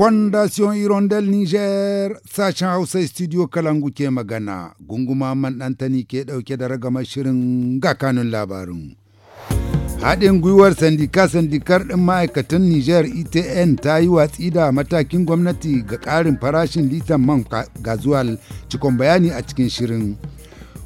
Fondation irondel Niger sashen Hausa Studio Kalangu ke magana gunguma man ɗantani ke ɗauke da ragamar shirin ga kanun labarin. Haɗin gwiwar sandika sandikar ɗin ma'aikatan Niger ETN ta yi watsi da matakin gwamnati ga ƙarin farashin litan man gazuwal cikon bayani a cikin shirin.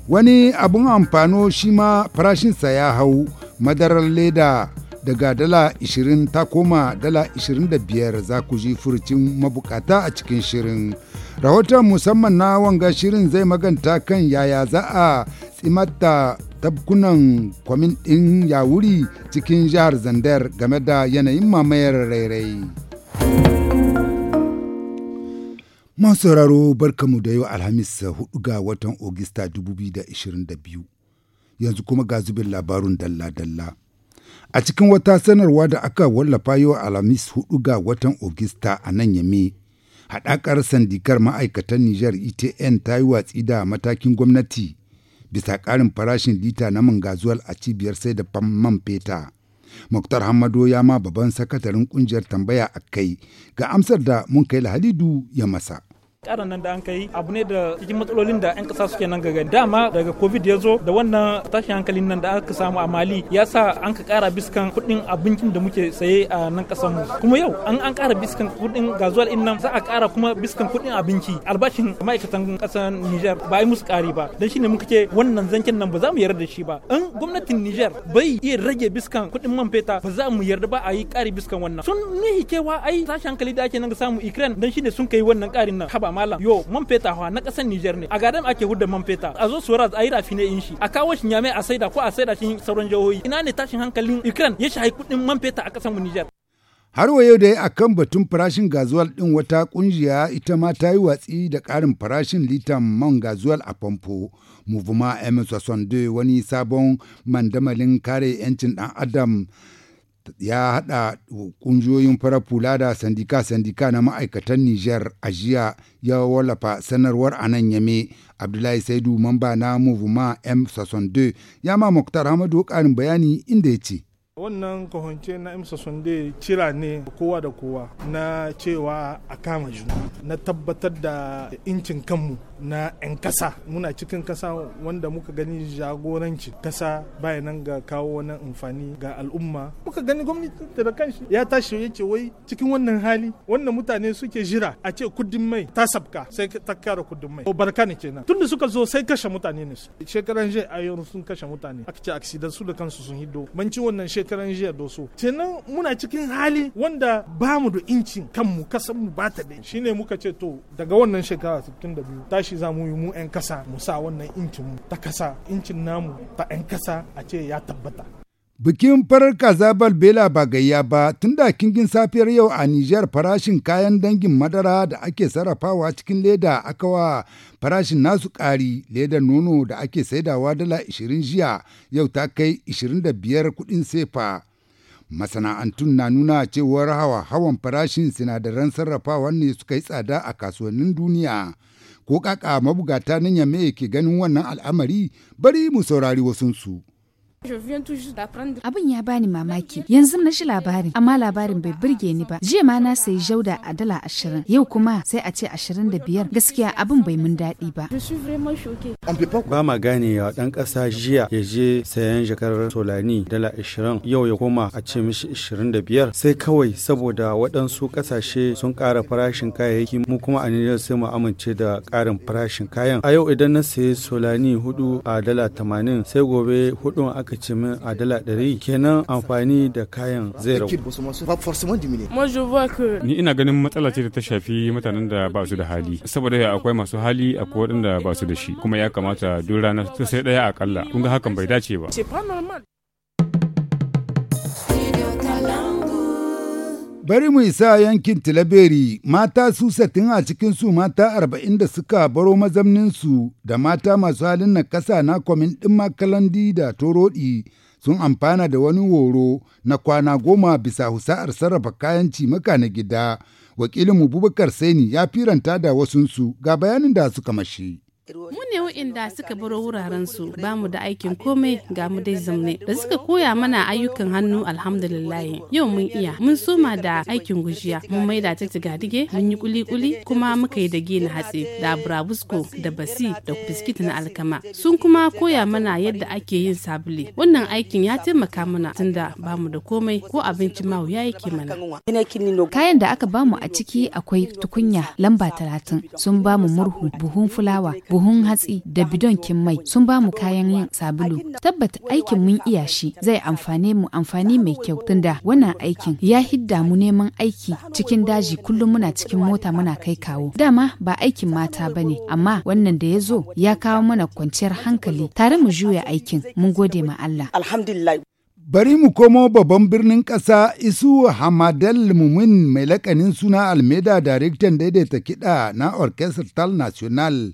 Wani abun amfano shi ma farashinsa ya hau madarar leda daga dala 20 ta koma dala 25 za ku ji furcin mabukata a cikin shirin. Rahoton musamman na wanga shirin zai maganta kan yaya za a tsimata tabkunan kwamin ɗin yawuri cikin jihar Zandar game da yanayin mamayar rairai. Man sauraro barkamu da yau Alhamis 4 ga watan Ogista 2022. Yanzu kuma ga zubin labarun dalla-dalla. A cikin wata sanarwa da aka wallafa yau Alhamis hudu ga watan Ogista a nan Yame, haɗakar sandikar ma'aikatan Nijar ETN ta yi watsi da matakin gwamnati bisa ƙarin farashin lita na mangazuwal a cibiyar sai da man feta. Muktar Hamado ya ma babban sakatarin ƙungiyar tambaya a kai ga amsar da mun kai Halidu ya masa. karan nan da an kai abu ne da cikin matsalolin da 'yan kasa suke nan gaga dama daga covid ya zo da wannan tashin hankalin nan da aka samu a mali ya sa an ka kara biskan kudin abincin da muke saye a nan kasan mu kuma yau an an kara biskan kudin gazuwar din nan za a kara kuma biskan kudin abinci albashin ma'aikatan kasan niger ba yi musu kari ba dan shine muka ce wannan zancen nan ba za mu yarda da shi ba in gwamnatin niger bai iya rage biskan kudin man feta ba za mu yarda ba a yi kari biskan wannan sun ne hikewa ai tashin hankali da ake nan samu ukraine dan shine sun kai wannan karin nan haba malam yo man feta hawa na kasar Niger ne a gadan ake hudda man feta a zo Suraz a yi rafi ne in a kawo shi nyame a saida ko a saida cin sauran jihohi ina ne tashin hankalin Ukraine ya shahi kudin man feta a kasan mu Niger har wa yau dai akan batun farashin gazuwal din wata kungiya ita ma ta yi watsi da karin farashin litan man gazuwal a famfo m-62 wani sabon mandamalin kare 'yancin dan adam ya haɗa ƙungiyoyin farar fula da sandika-sandika na ma'aikatan Nijar a jiya ya wallafa sanarwar a nan yame Abdullahi Saidu mamba na muvuma M62 ya ma Muktar Hamadu ƙarin bayani inda ya ce. wannan kahonce na imsa sunde cira ne kowa da kowa na cewa a kama juna na tabbatar da incin kanmu na 'yan kasa muna cikin kasa wanda muka gani jagoranci kasa bayanan ga kawo wani amfani ga al'umma muka gani gwamnati da kanshi ya tashi ya ce wai cikin wannan hali wannan mutane suke jira a ce kudin mai ta sabka sai ta kara kudin mai barka ne kenan tunda suka zo sai kashe mutane ne su shekaran jiya ayyuru sun kashe mutane aka ce aksidan su da kansu sun hido ci wannan shekaran jiya doso kenan muna cikin hali wanda ba mu da incin kanmu kasan mu ba ta da shine muka ce to daga wannan shekara 62 tashi za mu yi mu 'yan kasa mu sa wannan incin ta kasa incin namu ta 'yan kasa a ce ya tabbata Bikin farar kaza Bela ba gayya ba tun da kingin safiyar yau a Nijar farashin kayan dangin madara da ake sarrafawa cikin leda aka wa farashin nasu ƙari ledar nono da ake saidawa dala 20 jiya yau ta kai 25 kuɗin sefa. Masana'antun na nuna cewar hawa hawan farashin sinadaran sarrafawa ne suka yi tsada a kasuwannin duniya. Ko kaka mabugata nan me ke ganin wannan al'amari bari mu saurari wasunsu. su. Abin ya bani mamaki yanzu na shi labarin amma labarin bai burge ni ba jiya ma na sayi jauda a dala ashirin yau kuma sai a ce ashirin da biyar gaskiya abin bai mun daɗi ba. Ba ma gane wa ɗan ƙasa jiya ya je sayan jakar solani dala ashirin yau ya koma a ce mishi ashirin da biyar sai kawai saboda waɗansu ƙasashe sun ƙara farashin kayayyaki mu kuma a Nijar sai mu amince da ƙarin farashin kayan. A yau idan na sayi solani hudu a dala tamanin sai gobe hudun aka aka ci min a dala ɗari kenan amfani da kayan zai ragu. Ni ina ganin matsala ce da ta shafi mutanen da ba su da hali saboda akwai masu hali akwai waɗanda ba su da shi kuma ya kamata duk rana sai ɗaya akalla kun ga hakan bai dace ba. Bari mu isa yankin Tilaberi, mata su satin a cikin su mata arba'in da suka baro mazamninsu da mata masu halin na kasa na kwamin ɗin makalandi da torodi sun amfana da wani woro na kwana goma bisa husa'ar sarrafa kayan cimaka na gida. Wakilin mu Bubakar Saini ya firanta da wasunsu ga bayanin da suka mashi. mu ne wa'inda suka baro wurarensu ba mu da aikin komai ga mu dai zamne da suka koya mana ayyukan hannu alhamdulillah yau mun iya mun soma da aikin gujiya mun maida ta tigadige mun yi kuli-kuli kuma muka yi dage na hatsi da burabusko da basi da biskit na alkama sun kuma koya mana yadda ake yin sabuli wannan aikin ya taimaka mana tunda ba mu da komai ko abinci ma ya yake mana kayan da aka bamu a ciki akwai tukunya lamba talatin sun bamu murhu buhun fulawa buhun hatsi da bidonkin mai sun ba mu kayan yin sabulu. Tabbata aikin mun iya shi zai amfane mu amfani mai kyau tunda wannan aikin ya hidda mu neman aiki cikin daji kullum muna cikin mota muna kai kawo. Dama ba aikin mata ba ne amma wannan da ya zo ya kawo mana kwanciyar hankali tare mu juya aikin mun gode ma Allah. Bari mu komo babban birnin ƙasa Isu Hamadal Mumin mai lakanin suna Almeda daraktan daidaita kiɗa na Orchestral National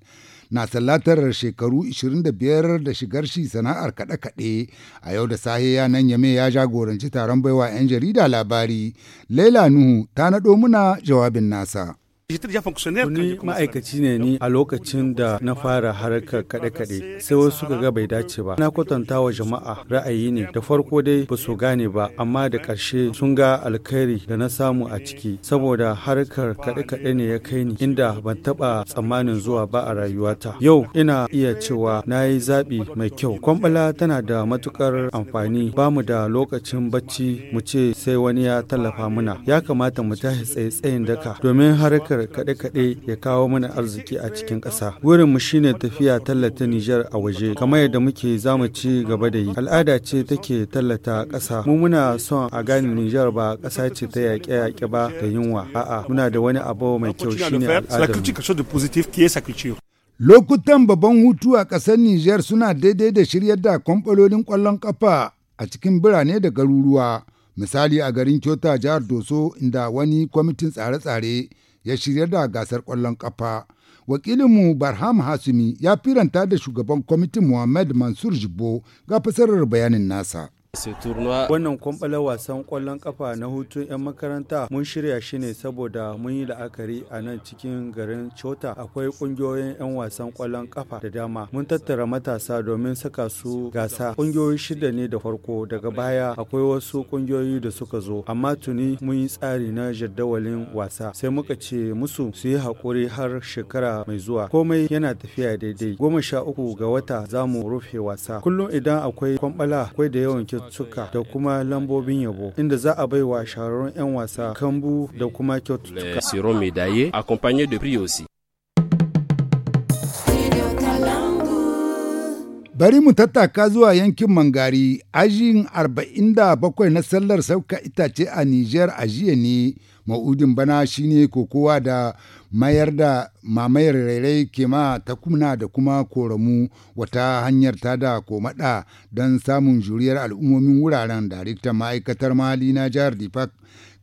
na sallatar shekaru 25 da shigar shi sana'ar kaɗe-kaɗe a yau da sahe ya nan yame ya jagoranci taron baiwa 'yan jarida labari laila nuhu ta naɗo muna jawabin nasa Wani ma'aikaci ne ni a lokacin da na fara harkar kaɗe-kaɗe sai wasu suka ga bai dace ba. Na kwatanta wa jama'a ra'ayi ne da farko dai ba su gane ba amma da ƙarshe sun ga alkhairi da na samu a ciki saboda harkar kaɗe-kaɗe ne ya kai ni inda ban taɓa tsammanin zuwa ba a rayuwata. Yau ina iya cewa na yi zaɓi mai kyau. Kwambala tana da matuƙar amfani ba mu da lokacin bacci mu ce sai wani ya tallafa mana. Ya kamata mu tashi tsaye-tsayin daka domin harkar Niger kaɗe-kaɗe ya kawo mana arziki a cikin ƙasa. mu shine tafiya tallata Nijar a waje, kamar yadda muke za mu ci gaba da yi. Al'ada ce take tallata ƙasa. Mu muna son a gane Nijar ba ƙasa ce ta yaƙe-yaƙe ba da yunwa. A'a, muna da wani abu mai kyau shine Lokutan babban hutu a ƙasar Nijar suna daidai da shiryar da kwamfalolin ƙwallon ƙafa a cikin birane da garuruwa. misali a garin Kyota jihar Doso inda wani kwamitin tsare-tsare ya shirya da gasar ƙwallon ƙafa. Wakilinmu Barham Hasumi ya firanta da shugaban kwamitin Muhammad Mansur Jibo ga fasarar bayanin nasa. Wannan kwamɓala wasan kwallon ƙafa na hutun 'yan makaranta mun shirya shi ne saboda mun yi la'akari a nan cikin garin Chota akwai ƙungiyoyin 'yan wasan kwallon ƙafa da dama. Mun tattara matasa domin saka su gasa. Ƙungiyoyi shida ne da farko daga baya akwai wasu ƙungiyoyi da suka zo amma tuni mun yi tsari na jadawalin wasa sai muka ce musu su yi haƙuri har shekara mai zuwa. Komai yana tafiya daidai. Goma sha uku ga wata za mu rufe wasa. Kullum idan akwai kwamɓala akwai da yawan kyaututtuka da kuma lambobin yabo inda za a baiwa shahararrun 'yan wasa kambu da kuma kyaututtuka. Bari mu tattaka zuwa yankin Mangari, ajin 47 na sallar sauka itace a Nijar a jiya ne Ma'udin bana shine kokowa da mayar da mamayar rairai ke ta takuna da kuma koramu wata hanyar ta da komada don samun juriyar al'ummomin wuraren daraktan ma'aikatar mali na jihar Dipak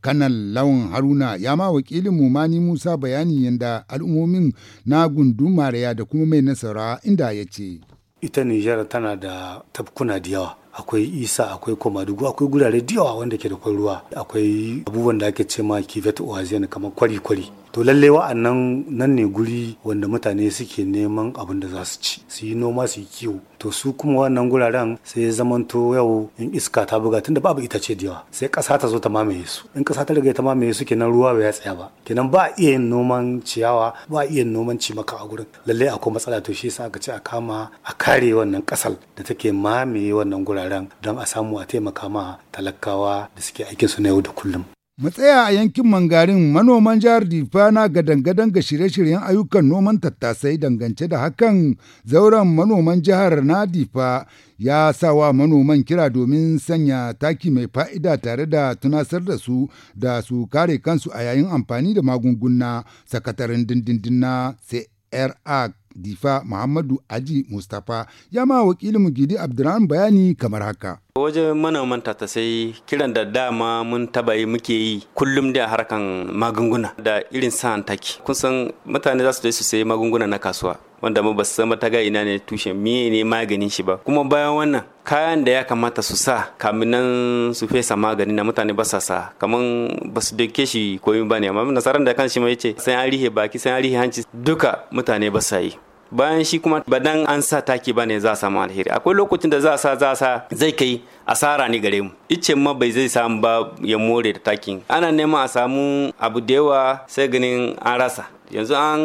kanal lawan haruna ya ma wakilin mu mani musa bayani yadda al'ummomin na mariya da kuma mai nasara inda ya ce ita nijar tana da tafkuna da yawa akwai isa akwai komadugu akwai gurare da yawa wanda ke da ruwa akwai abubuwan da ake ce ma kivet oazen kamar kwari-kwari to lalle wa'annan nan ne guri wanda mutane suke neman abin da za su ci su yi noma su yi kiwo to su kuma wannan guraren sai ya zamanto yau in iska ta buga tunda babu ita ce yawa sai ƙasa ta zo ta mamaye su in ƙasa ta riga ta mamaye su kenan ruwa bai tsaya ba kenan ba iya yin noman ciyawa ba iya yin noman maka a gurin lalle akwai matsala to shi yasa aka ce a kama a kare wannan ƙasar da take mamaye wannan guraren don a samu a taimaka ma talakawa da suke aikin su na yau da kullum Mu tsaya a yankin Mangarin manoman jihar Difa na gadangadan ga shirye-shiryen ayyukan noman tattasai dangance da hakan zauren manoman jihar na Difa ya wa manoman kira domin sanya taki mai fa'ida tare da tunasar da su da su kare kansu a yayin amfani da magunguna sakataren dindindin na CRA Difa Muhammadu Aji Mustapha ya ma wakilin Gidi Abdurrahman bayani kamar haka. wajen manoman sai kiran da dama mun taba yi muke yi kullum da harkan magunguna da irin sa'an taki kun san mutane za su je su sayi magunguna na kasuwa wanda ba su san mataga ina ne tushen miye ne maganin shi ba kuma bayan wannan kayan da ya kamata su sa kamin nan su fesa magani na mutane ba sa sa kaman ba su doke shi koyi ba ne amma nasarar da kan shi mai ce sai an rihe baki sai an hanci duka mutane ba sa yi bayan shi kuma ba dan an sa taki bane za a samu alheri akwai lokacin da za a sa za sa zai kai asara ne gare mu ice ma bai zai samu ba ya more da takin ana neman a samu abu da yawa sai ganin an rasa yanzu an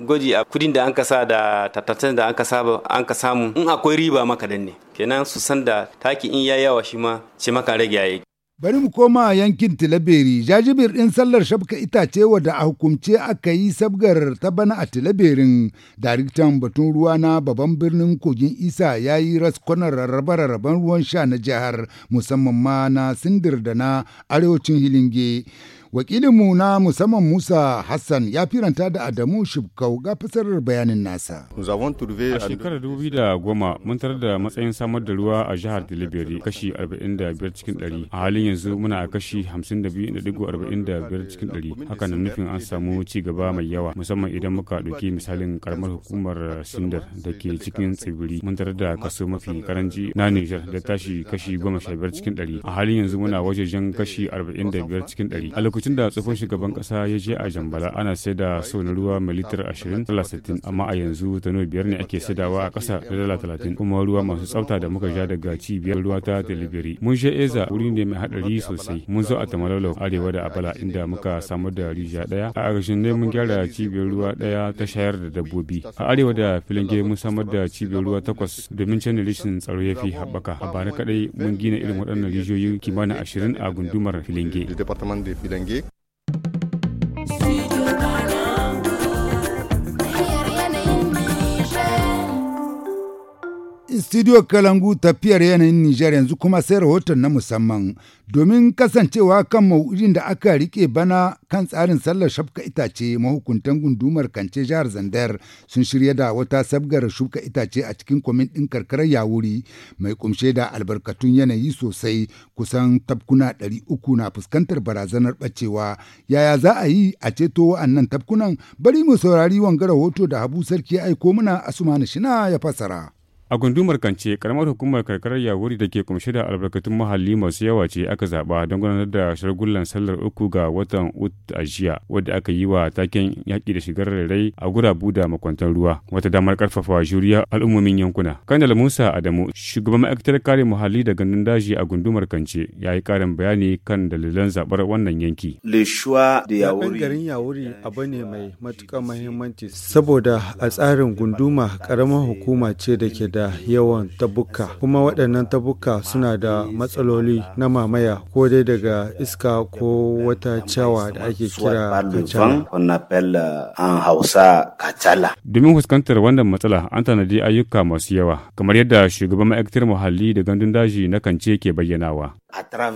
gwaji a kudin da an kasa da tattattun da an ka samu in akwai riba maka danne kenan su san da taki in ya yawa shi ma ce maka rage yayi Bari mu koma yankin Tilaberi, jajibir ɗin sallar shafka itace wadda a hukumce aka yi sabgar ta bana a Tilaberin, daraktan batun ruwa na babban birnin kogin Isa ya yi raskunan rarraba-rarraban ruwan sha na jihar musamman ma na Sindir da na arewacin Hilinge. Wakilinmu na musamman Musa Hassan ya firanta da Adamu Shibkau ga fasarar bayanin nasa. A shekarar dubu da goma mun tarar da matsayin samar da ruwa a jihar Delivery kashi 45 cikin 100. A halin yanzu muna a kashi 52.45 cikin 100. hakan na nufin an samu ci gaba mai yawa musamman idan muka ɗauki misalin karamar hukumar Sindar da ke cikin tsibiri mun tarar da kaso mafi karanci na Nijar da tashi kashi 15 cikin 100. A halin yanzu muna wajejen kashi 45 cikin 100. lokacin da tsohon shugaban kasa ya je a jambala ana sai da so na ruwa mai litar ashirin dala amma a yanzu tano biyar ne ake saidawa a kasa da dala talatin kuma ruwa masu tsafta da muka ja daga cibiyar ruwa ta delivery mun je eza wuri ne mai hadari sosai mun zo a tamalolo arewa da abala inda muka samar da rijiya daya a ƙarshen ne mun gyara cibiyar ruwa daya ta shayar da dabbobi a arewa da filange mun samar da cibiyar ruwa takwas domin canin rishin tsaro ya fi haɓaka a bana kaɗai mun gina irin waɗannan rijiyoyi kimanin ashirin a gundumar filange gig studio kalangu tafiyar yanayin Nijar yanzu kuma sai rahoton na musamman domin kasancewa kan mawujin da aka rike bana kan tsarin sallar shafka itace mahukuntan gundumar kance jihar Zandar sun shirya da wata sabgar shuka itace a cikin kwamin ɗin karkarar yawuri mai kumshe da albarkatun yanayi sosai kusan tabkuna ɗari na fuskantar barazanar bacewa yaya za a yi a ceto wa'annan tabkunan? bari mu saurari wanga rahoto da Habu Sarki aiko muna Asumani Shina ya fasara. A gundumar Kance, karamar hukumar karkarar Yawuri da ke kumshe da albarkatun muhalli masu yawa ce aka zaba don gudanar da shagullan sallar uku ga watan Ut a jiya, wadda aka yi wa taken yaƙi da shigar rairai a gurabu da makwantar ruwa, wata damar karfafa juriya al'ummomin yankuna. kandal Musa Adamu, shugaban ma'aikatar kare muhalli da gandun daji a gundumar Kance, ya yi ƙarin bayani kan dalilan zabar wannan yanki. lishuwa da Yawuri. garin Yawuri abu ne mai matuƙar muhimmanci saboda a tsarin gunduma karamar hukuma ce da ke da da yawan tabuka kuma waɗannan tabuka suna da matsaloli na mamaya ko dai daga iska ko wata cawa da ake kira kacala. Euh, Domin fuskantar wannan matsala an tanadi ayyuka masu yawa kamar yadda shugaban ma'aikatar muhalli da gandun daji na kance ke bayyanawa. a ta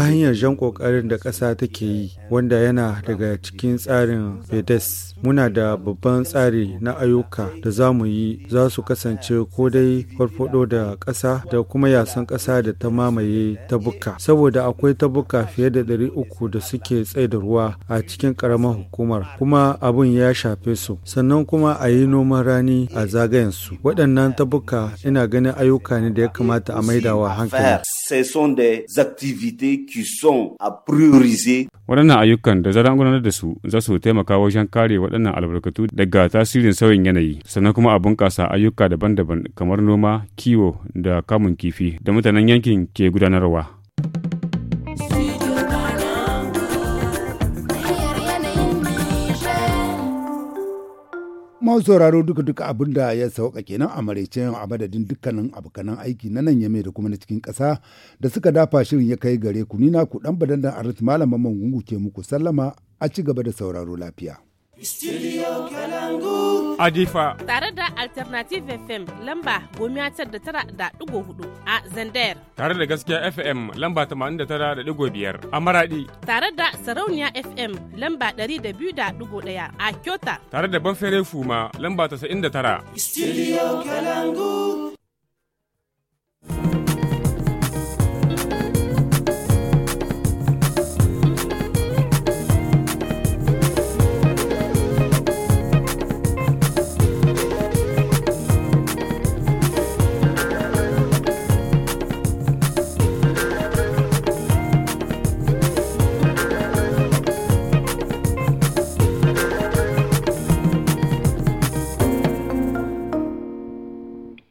hanyar jan kokarin da ƙasa take yi wanda yana daga cikin tsarin fedes muna da babban tsari na ayyuka da za mu yi za su kasance ko dai farfado da ƙasa da kuma yasan ƙasa da ta mamaye tabuka saboda akwai tabuka fiye da ɗari uku da suke tsaida ruwa a cikin ƙaramar hukumar kuma abun ya shafe su sannan kuma a yi noman rani a zagayensu waɗannan tabuka ina ganin ayyuka ne da ya kamata a maidawa hankali sont des activités qui sont à prioriser. Waɗannan ayyukan da zaran gudanar da su za su taimaka wajen kare waɗannan albarkatu daga tasirin sauyin yanayi sannan kuma a bunƙasa ayyuka daban-daban kamar noma, kiwo da kamun kifi da mutanen yankin ke gudanarwa. Mau sauraro duka-duka abin da ya sauka kenan a maraicen a madadin dukkanin abokanan aiki na nan yame da kuma na cikin ƙasa da suka dafa shirin ya kai gare ku nina ku dan badan da arit malaman mangungu ke muku sallama a ci gaba da sauraro lafiya. Studio Kalangu. Adifa. Tare da Alternative FM lamba gomiya tar da tara da digo hudu a Zander. Tare da gaskiya FM lamba tamanin da tara da digo biyar a Maradi. Tare da Sarauniya FM lamba ɗari da biyu da digo ɗaya a Kyota. Tare da Banfere Fuma lamba tasa'in da tara. Studio Kalangu.